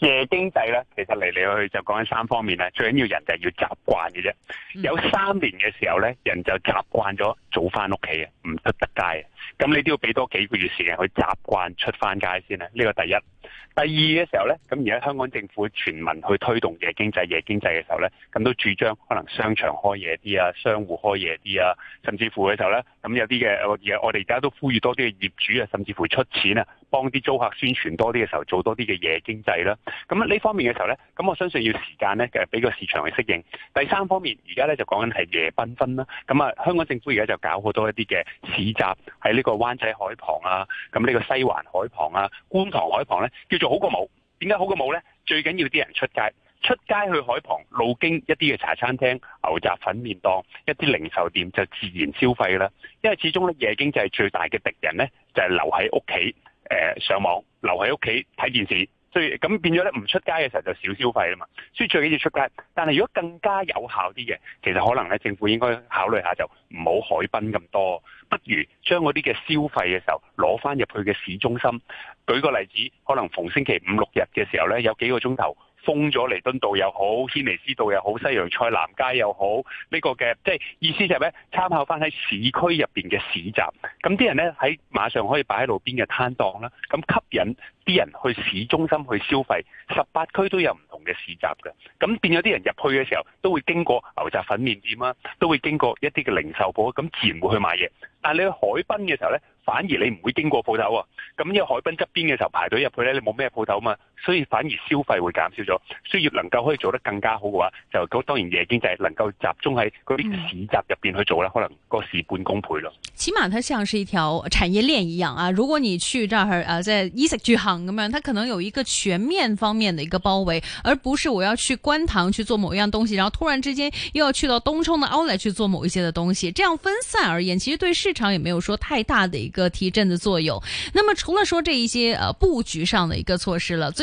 夜經濟咧，其實嚟嚟去去就講緊三方面咧。最緊要人就係要習慣嘅啫。有三年嘅時候咧，人就習慣咗早翻屋企唔出得街嘅。咁你都要俾多幾個月時間去習慣出翻街先啦。呢個第一。第二嘅時候咧，咁而家香港政府全民去推動夜經濟，夜經濟嘅時候咧，咁都主張可能商場開夜啲啊，商戶開夜啲啊，甚至乎嘅時候咧，咁有啲嘅我而我哋而家都呼籲多啲嘅業主啊，甚至乎出錢啊。幫啲租客宣傳多啲嘅時候，做多啲嘅夜經濟啦。咁呢方面嘅時候呢，咁我相信要時間呢，其實俾個市場去適應。第三方面，而家呢就講緊係夜繽紛啦。咁啊，香港政府而家就搞好多一啲嘅市集喺呢個灣仔海旁啊，咁呢個西環海旁啊、觀塘海旁呢，叫做好過冇。點解好過冇呢？最緊要啲人出街，出街去海旁路經一啲嘅茶餐廳、牛雜粉麵檔、一啲零售店，就自然消費啦。因為始終呢夜經濟最大嘅敵人呢，就係、是、留喺屋企。誒、呃、上網留喺屋企睇電視，所以咁變咗咧，唔出街嘅時候就少消費吖嘛。所以最緊要出街，但係如果更加有效啲嘅，其實可能咧政府應該考慮下就唔好海濱咁多，不如將嗰啲嘅消費嘅時候攞返入去嘅市中心。舉個例子，可能逢星期五六日嘅時候咧有幾個鐘頭。封咗彌敦道又好，軒尼詩道又好，西洋菜南街又好，呢、呢個嘅即係意思就係咧，參考翻喺市區入面嘅市集，咁啲人咧喺馬上可以擺喺路邊嘅攤檔啦，咁吸引啲人去市中心去消費。十八區都有唔同嘅市集嘅，咁變咗啲人入去嘅時候都會經過牛雜粉麵店啦，都會經過一啲嘅零售鋪，咁自然會去買嘢。但你去海濱嘅時候咧，反而你唔會經過鋪頭啊。咁喺海濱側邊嘅時候排隊入去咧，你冇咩鋪頭啊嘛。所以反而消費會減少咗，需要能夠可以做得更加好嘅話，就咁當然夜經濟能夠集中喺嗰啲市集入邊去做啦，嗯、可能個事半功倍咯。起碼它像是一條產業鏈一樣啊！如果你去這啊，在衣食住行咁樣，它可能有一個全面方面的一個包圍，而不是我要去觀塘去做某一樣東西，然後突然之間又要去到東涌的奧萊去做某一些嘅東西。這樣分散而言，其實對市場也沒有說太大的一個提振的作用。那麼除了說這一些呃、啊、布局上的一個措施了，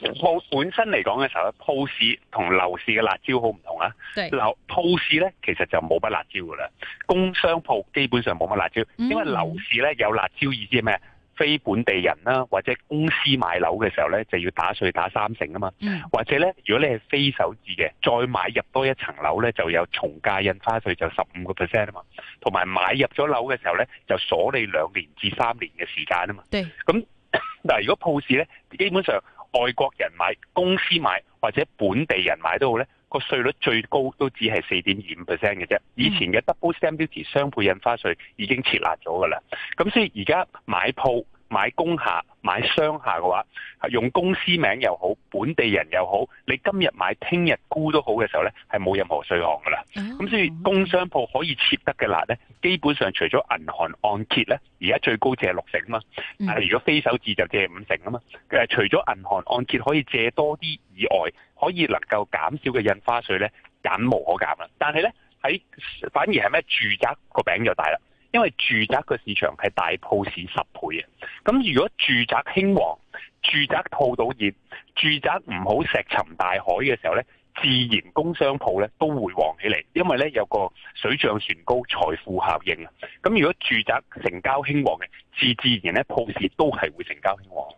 鋪本身嚟講嘅時候咧，鋪市同樓市嘅辣椒好唔同啊。樓鋪對市咧，其實就冇乜辣椒噶啦。工商鋪基本上冇乜辣椒，嗯、因為樓市咧有辣椒，意思係咩？非本地人啦，或者公司買樓嘅時候咧，就要打稅打三成啊嘛。嗯、或者咧，如果你係非首置嘅，再買入多一層樓咧，就有重價印花稅就十五個 percent 啊嘛。同埋買入咗樓嘅時候咧，就鎖你兩年至三年嘅時間啊嘛。咁但係對，如果鋪市咧，基本上。外國人買、公司買或者本地人買都好咧，個稅率最高都只係四點二五 percent 嘅啫。以前嘅 double stamp duty 雙倍印花稅已經設立咗噶啦，咁所以而家買鋪，買工廈買商廈嘅話，用公司名又好，本地人又好，你今日買聽日沽都好嘅時候呢，係冇任何稅項噶啦。咁、啊、所以工商鋪可以設得嘅辣呢，基本上除咗銀行按揭呢，而家最高借六成嘛。但如果非首置就借五成啊嘛。嗯、除咗銀行按揭可以借多啲以外，可以能夠減少嘅印花稅呢，減無可減啦。但係呢，喺反而係咩住宅、那個餅就大啦。因為住宅個市場係大鋪市十倍嘅。咁如果住宅興旺、住宅套到熱、住宅唔好石沉大海嘅時候呢，自然工商鋪都會旺起嚟，因為呢有個水漲船高財富效應啊。咁如果住宅成交興旺嘅，自自然呢鋪市都係會成交興旺。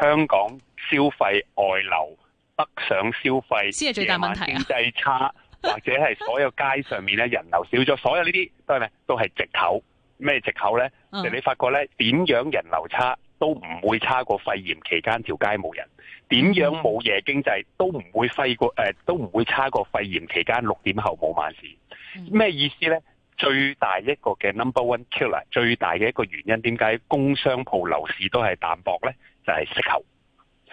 香港消費外流，北上消費，夜晚經濟差， 或者係所有街上面咧人流少咗，所有呢啲都係咩？都係藉口，咩藉口咧？嗯、你發覺咧，點樣人流差都唔會差過肺炎期間條街冇人，點樣冇夜經濟都唔會廢過誒，都唔會、呃、會差過肺炎期間六點後冇晚市。咩意思咧？最大一個嘅 number one killer，最大嘅一個原因點解工商鋪樓市都係淡薄咧？就係息口，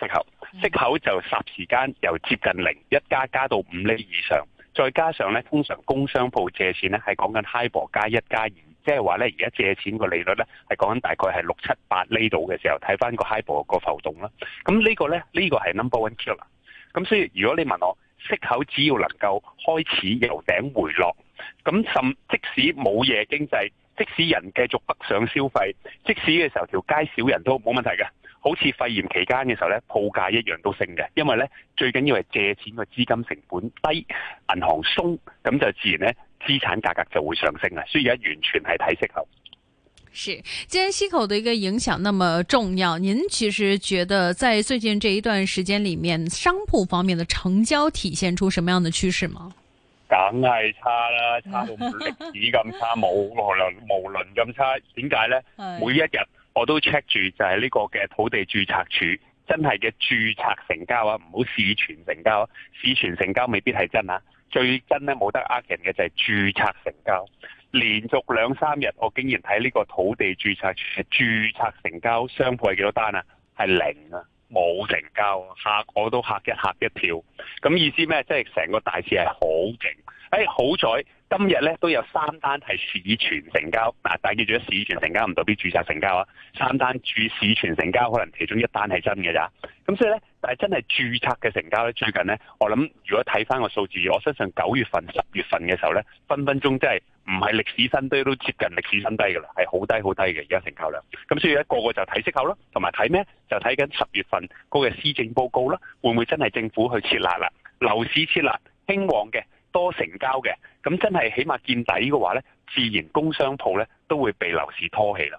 息口，嗯、息口就霎時間由接近零一加加到五厘以上，再加上咧，通常工商舖借錢咧係講緊 HIBOR 加一加二，即係話咧，而家借錢個利率咧係講緊大概係六七八厘度嘅時候，睇翻個 HIBOR 個浮動啦。咁呢、呢個咧，呢個係 number one killer。咁所以如果你問我息口只要能夠開始由頂回落，咁甚即使冇嘢經濟，即使人繼續北上消費，即使嘅時候條街少人都冇問題嘅。好似肺炎期間嘅時候咧，鋪價一樣都升嘅，因為咧最緊要係借錢個資金成本低，銀行鬆，咁就自然咧資產價格就會上升啊！所以而家完全係睇息口。是，既然息口嘅一個影響那麼重要，您其實覺得在最近這一段時間裡面，商鋪方面的成交體現出什麼樣的趨勢嗎？梗係差啦，差到歷史咁差，冇 無，無論無論咁差，點解咧？ 每一日。我都 check 住就係呢個嘅土地註冊處，真係嘅註冊成交啊，唔好市傳成交，啊，市傳成交未必係真啊。最真咧冇得呃人嘅就係註冊成交，連續兩三日我竟然睇呢個土地註冊處，註冊成交商舖係幾多單啊，係零啊，冇成交，啊，嚇我都嚇一嚇一跳。咁意思咩？即係成個大市係、哎、好勁，誒好在。今日咧都有三單係市傳成交，嗱、啊，但係記住市傳成交唔代表註冊成交啊！三單注市傳成交，可能其中一單係真嘅咋？咁所以咧，但係真係註冊嘅成交咧，最近咧，我諗如果睇翻個數字，我相信九月份、十月份嘅時候咧，分分鐘真係唔係歷史新低都接近歷史新低噶啦，係好低好低嘅而家成交量。咁所以咧，個個就睇息口囉，同埋睇咩？就睇緊十月份嗰個施政報告啦，會唔會真係政府去設立啦？樓市設立興旺嘅，多成交嘅，咁真係起碼見底嘅話呢，自然工商鋪呢都會被樓市拖起啦。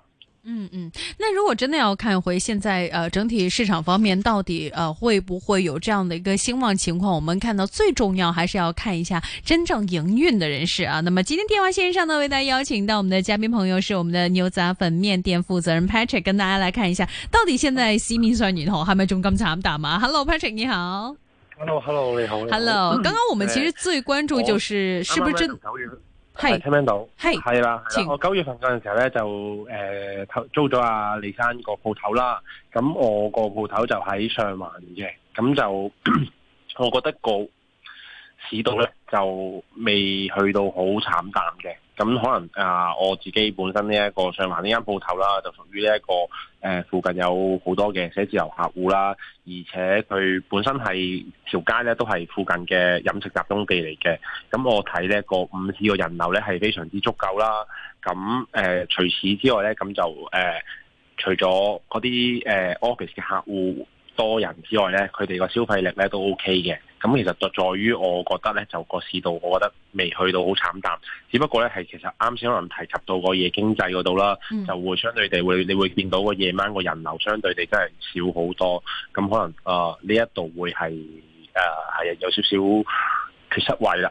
嗯嗯，那如果真的要看回現在，呃，整體市場方面到底呃，會不會有這樣的一個興旺情況？我們看到最重要還是要看一下真正營運的人士啊。那麼今天電話線上呢，為大家邀請到我們的嘉賓朋友是我們的牛雜粉麵店負責人 Patrick，跟大家來看一下到底現在市面上如何，係咪仲咁慘淡嗎？Hello，Patrick 你好。hello hello 你好，hello、嗯。剛剛我們其實最關注就是、呃，剛剛是不是真？係，聽唔 Hey, 聽到？係，係啦。我九月份嗰陣時候咧就誒、呃，租咗阿、啊、李生個鋪頭啦。咁我個鋪頭就喺上環嘅。咁就 我覺得個市道咧就未去到好慘淡嘅。咁可能啊，我自己本身呢、這、一個上環呢間鋪頭啦，就屬於呢、這、一個誒、呃、附近有好多嘅寫字樓客戶啦，而且佢本身係條街咧都係附近嘅飲食集中地嚟嘅。咁我睇呢個個午市嘅人流咧係非常之足夠啦。咁誒、呃、除此之外咧，咁就誒、呃、除咗嗰啲誒 office 嘅客戶多人之外咧，佢哋個消費力咧都 OK 嘅。咁其實就在於我覺得咧，就個市道，我覺得未去到好慘淡。只不過咧，係其實啱先可能提及到個夜經濟嗰度啦，就會相對地會你會見到個夜晚個人流相對地真係少好多。咁可能啊，呢、呃呃、一度會係誒係有少少缺失位啦。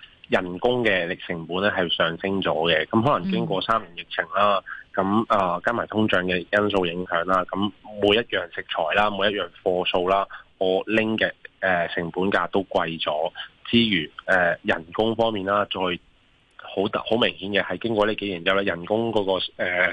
人工嘅力成本咧係上升咗嘅，咁可能經過三年疫情啦，咁啊加埋通脹嘅因素影響啦，咁每一樣食材啦，每一樣貨數啦，我拎嘅誒成本價都貴咗，之餘誒、呃、人工方面啦，再。好好明顯嘅，係經過呢幾年之後咧，人工嗰個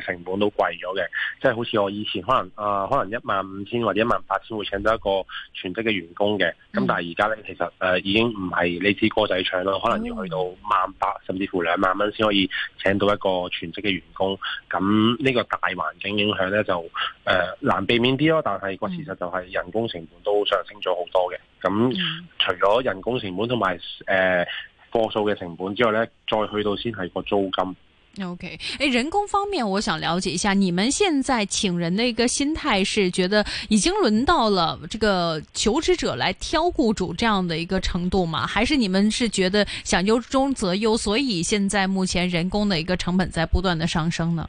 成本都貴咗嘅，即係好似我以前可能、呃、可能一萬五千或者一萬八先會請到一個全職嘅員工嘅，咁、嗯、但係而家咧其實誒、呃、已經唔係呢支歌仔唱咯，可能要去到萬八甚至乎兩萬蚊先可以請到一個全職嘅員工，咁呢個大環境影響咧就誒、呃、難避免啲咯，但係個事實就係人工成本都上升咗好多嘅，咁除咗人工成本同埋誒、呃過數嘅成本之後呢，再去到先係個租金。O K，誒，人工方面，我想了解一下，你們現在請人的一個心態是覺得已經輪到了這個求職者來挑僱主這樣的一個程度嘛？還是你們是覺得想優中擇優，所以現在目前人工的一個成本在不斷的上升呢？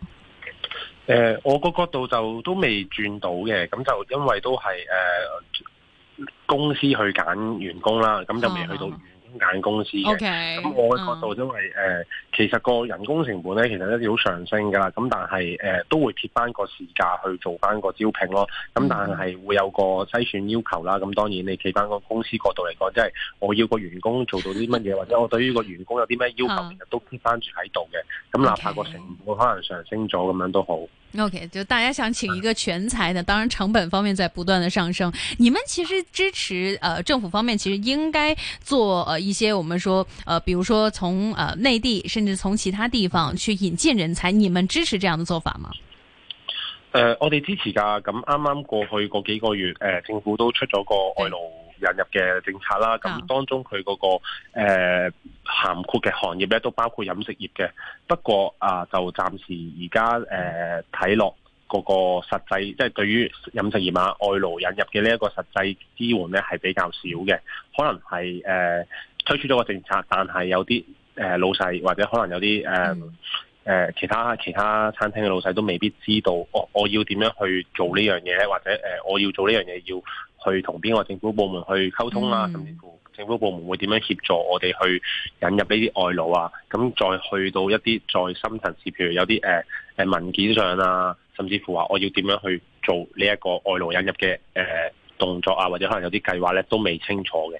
誒、呃，我個角度就都未轉到嘅，咁就因為都係誒、呃、公司去揀員工啦，咁就未去到、啊。間公司嘅，咁 Okay, 我嘅角度、就是，因為誒，其實個人工成本咧，其實咧好上升噶啦，咁但係誒、呃、都會貼翻個市價去做翻個招聘咯，咁但係會有個篩選要求啦。咁當然你企翻個公司角度嚟講，即、就、係、是、我要個員工做到啲乜嘢，嗯、或者我對於個員工有啲咩要求，嗯、其實都貼翻住喺度嘅。咁哪怕個成本可能上升咗，咁樣都好。Okay. OK，就大家想請一個全才的，當然成本方面在不斷的上升。你們其實支持呃政府方面其實應該做呃一些我們說呃比如說從呃內地甚至從其他地方去引進人才，你們支持這樣的做法嗎？呃，我哋支持㗎，咁啱啱過去嗰幾個月，呃，政府都出咗個外勞。引入嘅政策啦，咁當中佢嗰個誒涵括嘅行業咧，都包括飲食業嘅。不過啊、呃，就暫時而家誒睇落嗰個實際，即係對於飲食業啊外勞引入嘅呢一個實際支援咧，係比較少嘅。可能係誒、呃、推出咗個政策，但係有啲誒、呃、老細或者可能有啲誒誒其他其他餐廳嘅老細都未必知道我，我我要點樣去做呢樣嘢，或者誒、呃、我要做呢樣嘢要。去同邊個政府部門去溝通啦、啊，甚至乎政府部門會點樣協助我哋去引入呢啲外勞啊？咁再去到一啲再深層次，譬如有啲、呃呃、文件上啊，甚至乎話我要點樣去做呢一個外勞引入嘅誒、呃、動作啊，或者可能有啲計劃咧，都未清楚嘅。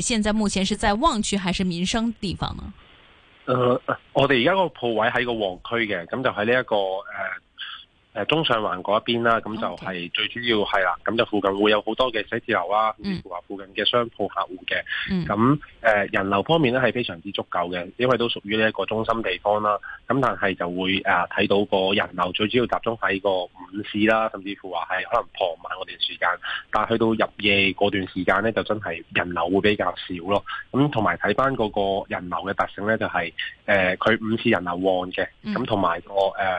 現在目前是在旺區還是民生地方呢？誒、呃，我哋而家個鋪位喺個旺區嘅，咁就喺呢一個誒。那就是這個呃中上環嗰一邊啦，咁就係最主要係啦，咁就附近會有好多嘅寫字樓啦，甚至乎話附近嘅商鋪客戶嘅，咁、嗯呃、人流方面咧係非常之足夠嘅，因為都屬於呢一個中心地方啦。咁但係就會誒睇、呃、到個人流最主要集中喺個午市啦，甚至乎話係可能傍晚嗰段時間，但係去到入夜嗰段時間咧，就真係人流會比較少咯。咁同埋睇翻嗰個人流嘅特性咧，就係誒佢午市人流旺嘅，咁同埋個誒。呃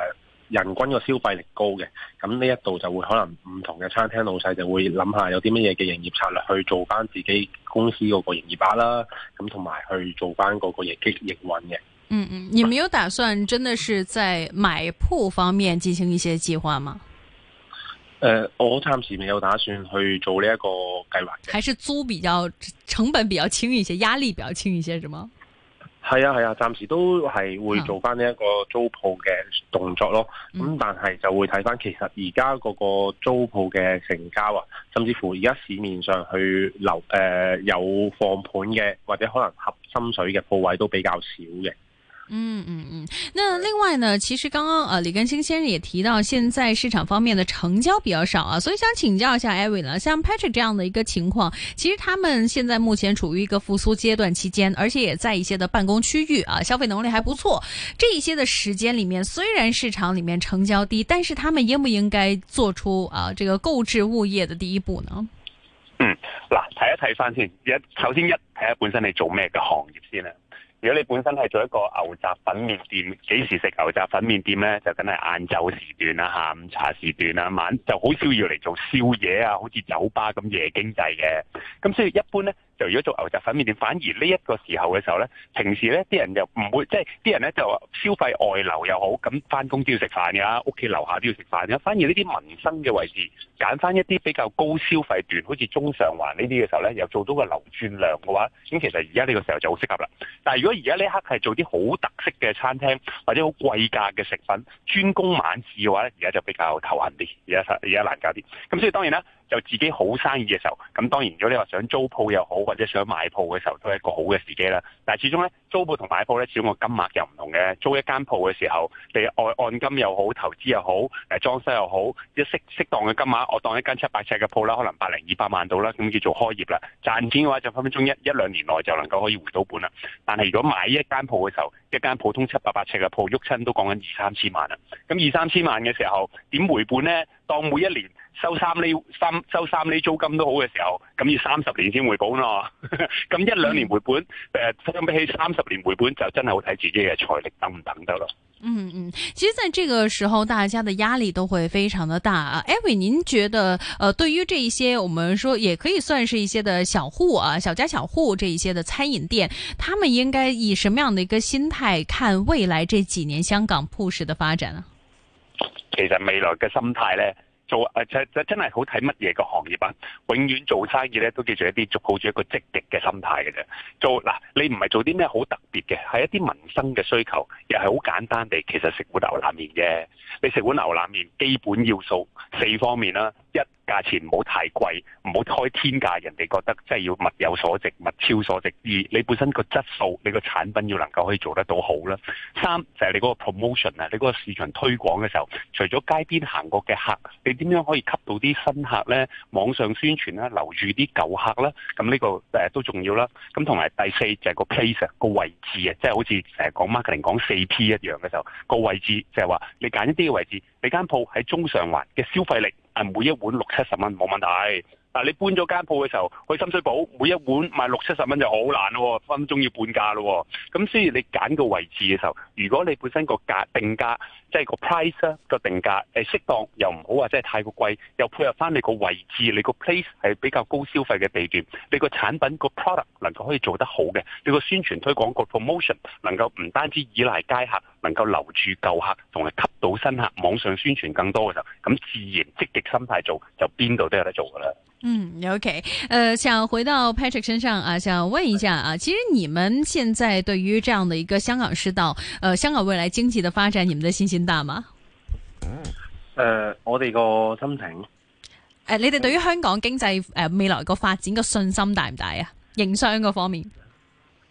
人均個消費力高嘅，咁呢一度就會可能唔同嘅餐廳老細就會諗下有啲乜嘢嘅營業策略去做翻自己公司嗰個營業額啦，咁同埋去做翻嗰個營運嘅。嗯嗯，你沒有打算真的是在買鋪方面進行一些計劃嗎？誒、呃，我暫時未有打算去做呢一個計劃。還是租比較成本比較輕一些，壓力比較輕一些，是嗎？係啊係啊，暫時都係會做翻呢一個租鋪嘅動作咯。咁但係就會睇翻，其實而家嗰個租鋪嘅成交啊，甚至乎而家市面上去留誒、呃、有放盤嘅，或者可能合心水嘅鋪位都比較少嘅。嗯嗯嗯，那另外呢，其實剛剛呃、啊、李根興先生也提到，現在市場方面的成交比較少啊，所以想請教一下艾文呢，像 Patrick 這樣的一個情況，其實他們現在目前處於一個復甦階段期間，而且也在一些的辦公區域啊，消費能力還不錯，這一些的時間裏面，雖然市場裏面成交低，但是他們應不應該做出啊這個購置物業的第一步呢？嗯，嗱，睇一睇翻先，一首先一睇下本身你做咩嘅行業先呢。如果你本身係做一個牛雜粉麵店，幾時食牛雜粉麵店呢？就梗係晏晝時段啦、下午茶時段啦、晚就好少要嚟做宵夜啊，好似酒吧咁夜經濟嘅。咁所以一般呢。如果做牛雜粉麵店，反而呢一個時候嘅時候呢，平時呢啲人又唔會，即係啲人呢就消費外流又好，咁翻工都要食飯㗎啦，屋企樓下都要食飯嘅。反而呢啲民生嘅位置，揀翻一啲比較高消費段，好似中上環呢啲嘅時候呢，又做到個流轉量嘅話，咁其實而家呢個時候就好適合啦。但如果而家呢刻係做啲好特色嘅餐廳，或者好貴價嘅食品，專攻晚市嘅話呢，而家就比較頭痕啲，而家而家難搞啲。咁所以當然啦。就自己好生意嘅時候，咁當然咗你話想租鋪又好，或者想買鋪嘅時，時，時候，都係一個好嘅時機啦。但係始終呢，租鋪同買鋪呢，始終個金額又唔同嘅。租一間鋪嘅時候，你按按金又好，投資又好，誒裝修又好，即適適當嘅金額，我當一間七八尺嘅鋪啦，可能百零二百萬到啦，咁叫做開業啦。賺錢嘅話，就分分鐘一一兩年內就能夠可以回到本啦。但係如果買一間鋪嘅時候，一間普通七八百尺嘅鋪，鬱親都講緊二三千萬啦。咁二三千萬嘅時候，點回本呢？當每一年收三厘三收三厘租金都好嘅時候，咁要三十年先回本咯。咁 一兩年回本，誒、呃、相比起三十年回本就真係好睇自己嘅財力等唔等得咯。嗯嗯，其實在這個時候，大家嘅壓力都會非常之大啊。艾偉，您覺得，呃，對於這一些，我們說也可以算是一些的小戶啊，小家小戶這一些的餐飲店，他們應該以什麼樣嘅一個心態看未來這幾年香港鋪市嘅發展啊？其實未來嘅心態呢，做就就、呃、真係好睇乜嘢個行業啊！永遠做生意呢，都叫做一啲，抱住一個積極嘅心態嘅啫。做嗱，你唔係做啲咩好特別嘅，係一啲民生嘅需求，又係好簡單地，其實食碗牛腩麵啫，你食碗牛腩麵，基本要素四方面啦、啊，一。價錢唔好太貴，唔好開天價，人哋覺得即係要物有所值，物超所值。二，你本身個質素，你個產品要能夠可以做得到好啦。三，就係你嗰個 promotion 啊，你嗰個市場推廣嘅時候，除咗街邊行過嘅客，你點樣可以吸到啲新客咧？網上宣傳啦，留住啲舊客啦，咁呢個誒都重要啦。咁同埋第四就係個 place 個位置啊，即係好似誒講 marketing 講四 P 一樣嘅時候，個位置，就係話你揀一啲嘅位置，你間鋪喺中上環嘅消費力，係每一碗六七十蚊，冇問題。嗱，你搬咗間鋪嘅時候，去深水埗每一碗賣六七十蚊就好難咯，分鐘要半價咯。咁所以你揀個位置嘅時候，如果你本身個價定價，即係個 price 咧個定價，誒適當又唔好話即係太過貴，又配合翻你個位置，你個 place 係比較高消費嘅地段，你個產品個 product 能夠可以做得好嘅，你個宣傳推廣個 promotion 能夠唔單止依賴街客，能夠留住舊客，同埋吸到新客，網上宣傳更多嘅時候，咁自然積極心態做就邊度都有得做㗎啦。嗯，OK，誒、呃，想回到 Patrick 身上啊，想問一下啊，其實你們現在對於這樣的一個香港市道，誒、呃，香港未來經濟的發展，你們的信心大嗎？嗯，誒、呃，我哋個心情，誒、呃，你哋對於香港經濟誒、呃呃、未來個發展個信心大唔大啊？營商個方面，誒、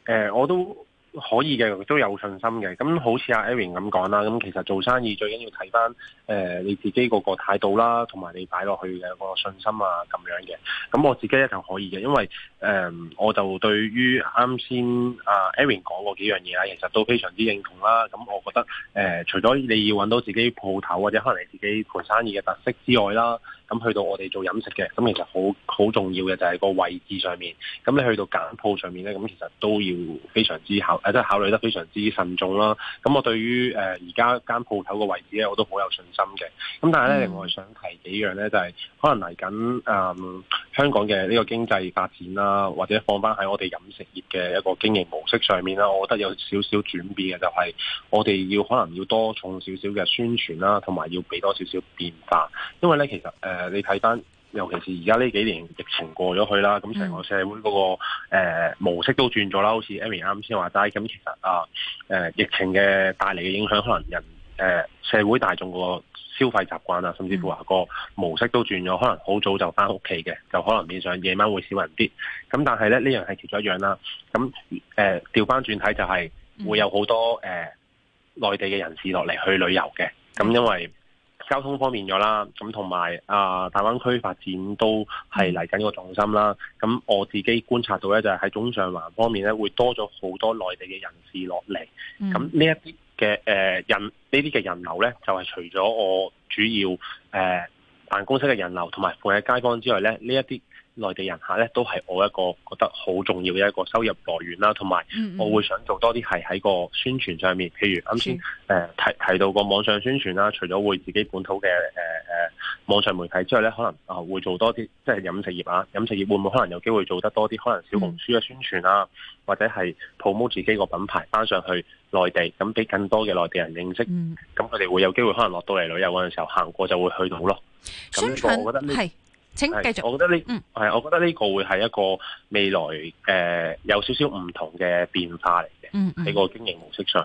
呃，我都。可以嘅，都有信心嘅。咁好似阿 Aaron 咁講啦，咁其實做生意最緊要睇翻誒你自己個態度啦，同埋你擺落去嘅個信心啊咁樣嘅。咁我自己咧就可以嘅，因為誒、呃、我就對於啱先阿、呃、Aaron 講嗰幾樣嘢啦，其實都非常之認同啦。咁我覺得誒、呃，除咗你要搵到自己鋪頭或者可能你自己盤生意嘅特色之外啦。咁去到我哋做飲食嘅，咁其實好好重要嘅就係個位置上面。咁你去到揀鋪上面咧，咁其實都要非常之考，誒即係考慮得非常之慎重啦。咁我對於誒而家間鋪頭個位置咧，我都好有信心嘅。咁但係咧，另外想提幾樣咧，就係可能嚟緊，嗯，香港嘅呢個經濟發展啦，或者放翻喺我哋飲食業嘅一個經營模式上面啦，我覺得有少少轉變嘅，就係我哋要可能要多重少少嘅宣傳啦，同埋要俾多少少變化，因為咧其實，呃呃、你睇翻，尤其是而家呢幾年疫情過咗去啦，咁成個社會嗰、個、呃、模式都轉咗啦，好似 Amy 啱先話齋，咁其實啊、呃，疫情嘅帶嚟嘅影響，可能人誒、呃、社會大眾個消費習慣啊，甚至乎話個模式都轉咗，可能好早就翻屋企嘅，就可能變相夜晚會少人啲。咁但係咧，呢樣係其中一樣啦。咁誒，調翻轉睇就係、係、會有好多誒、呃、內地嘅人士落嚟去旅遊嘅。咁因為交通方便咗啦，咁同埋啊，大灣區發展都係嚟緊個重心啦。咁我自己觀察到咧，就係喺中上環方面咧，會多咗好多內地嘅人士落嚟。咁呢一啲嘅誒人，呢啲嘅人流咧，就係、是、除咗我主要誒。呃辦公室嘅人流同埋附近街坊之外咧，呢一啲內地人客咧都係我一個覺得好重要嘅一個收入來源啦，同埋我會想做多啲係喺個宣傳上面，譬如啱先誒提提到個網上宣傳啦，除咗會自己本土嘅誒誒網上媒體之外咧，可能啊會做多啲即係飲食業啊，飲食業會唔會可能有機會做得多啲，可能小紅書嘅宣傳啊，或者係 promote 自己個品牌翻上去內地，咁俾更多嘅內地人認識，咁佢哋會有機會可能落到嚟旅遊嗰陣時候行過就會去到咯。咁，我覺得係，請繼續。我覺得呢，係，我覺得呢個會係一個未來誒、呃，有少少唔同嘅變化嚟嘅，喺、嗯嗯、個經營模式上。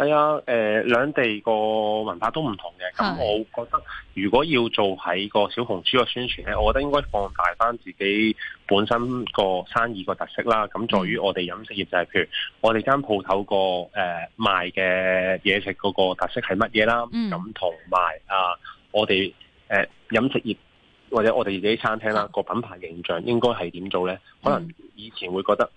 係啊，誒、呃，兩地個文化都唔同嘅，咁我覺得如果要做喺個小紅書嘅宣傳咧，我覺得應該放大返自己本身個生意個特色啦。咁在於我哋飲食業就係、是、譬如我哋間鋪頭個誒賣嘅嘢食嗰個特色係乜嘢啦，咁同埋啊，我哋誒飲食業或者我哋自己餐廳啦，個品牌形象應該係點做咧？可能以前會覺得。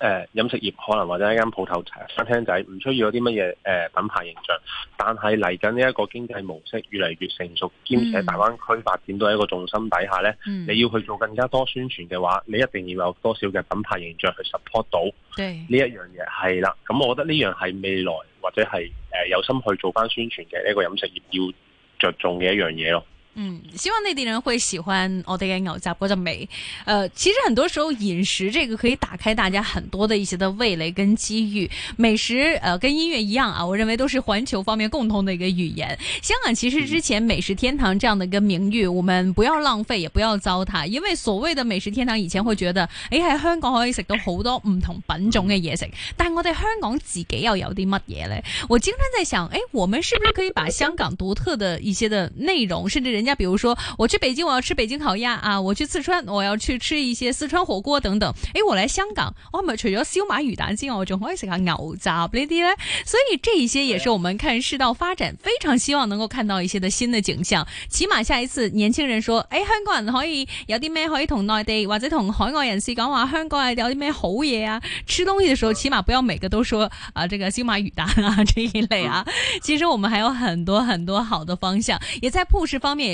誒，飲、呃、食業可能或者一間鋪頭、餐廳仔，唔需要有啲乜嘢誒品牌形象。但係嚟緊呢一個經濟模式越嚟越成熟，兼、嗯、且大灣區發展到一個重心底下呢，嗯、你要去做更加多宣傳嘅話，你一定要有多少嘅品牌形象去 support 到呢一是樣嘢。係啦，咁我覺得呢樣係未來或者係誒有心去做翻宣傳嘅呢個飲食業要着重嘅一樣嘢咯。嗯，希望內地人會喜歡我哋嘅牛雜嘅美。呃，其實很多時候飲食這個可以打開大家很多的一些的味蕾跟機遇。美食呃跟音樂一樣啊，我認為都是環球方面共同的一個語言。香港其實之前美食天堂這樣的一個名譽，嗯、我們不要浪費也不要糟蹋，因為所謂的美食天堂以前會覺得哎，喺香港可以食到好多唔同品種嘅嘢食。但我哋香港自己又有啲乜嘢呢？我經常在想，哎，我們是不是可以把香港獨特的一些的內容，甚至人？人家比如說，我去北京，我要吃北京烤鴨啊；我去四川，我要去吃一些四川火鍋等等。哎，我來香港，我，咪除咗燒賣魚蛋之外，我仲可以食下牛雜呢啲咧。所以這一些也是我們看世道發展，對非常希望能夠看到一些的新的景象。起碼下一次年輕人說，哎對，香港人可以有啲咩可以同內地或者同海外人士講話，香港有啲咩好嘢啊？吃東西的時候對起碼不要每個都說啊，這個燒賣魚蛋啊這一類啊。嗯、其實我們還有很多很多好的方向，也在舖市方面。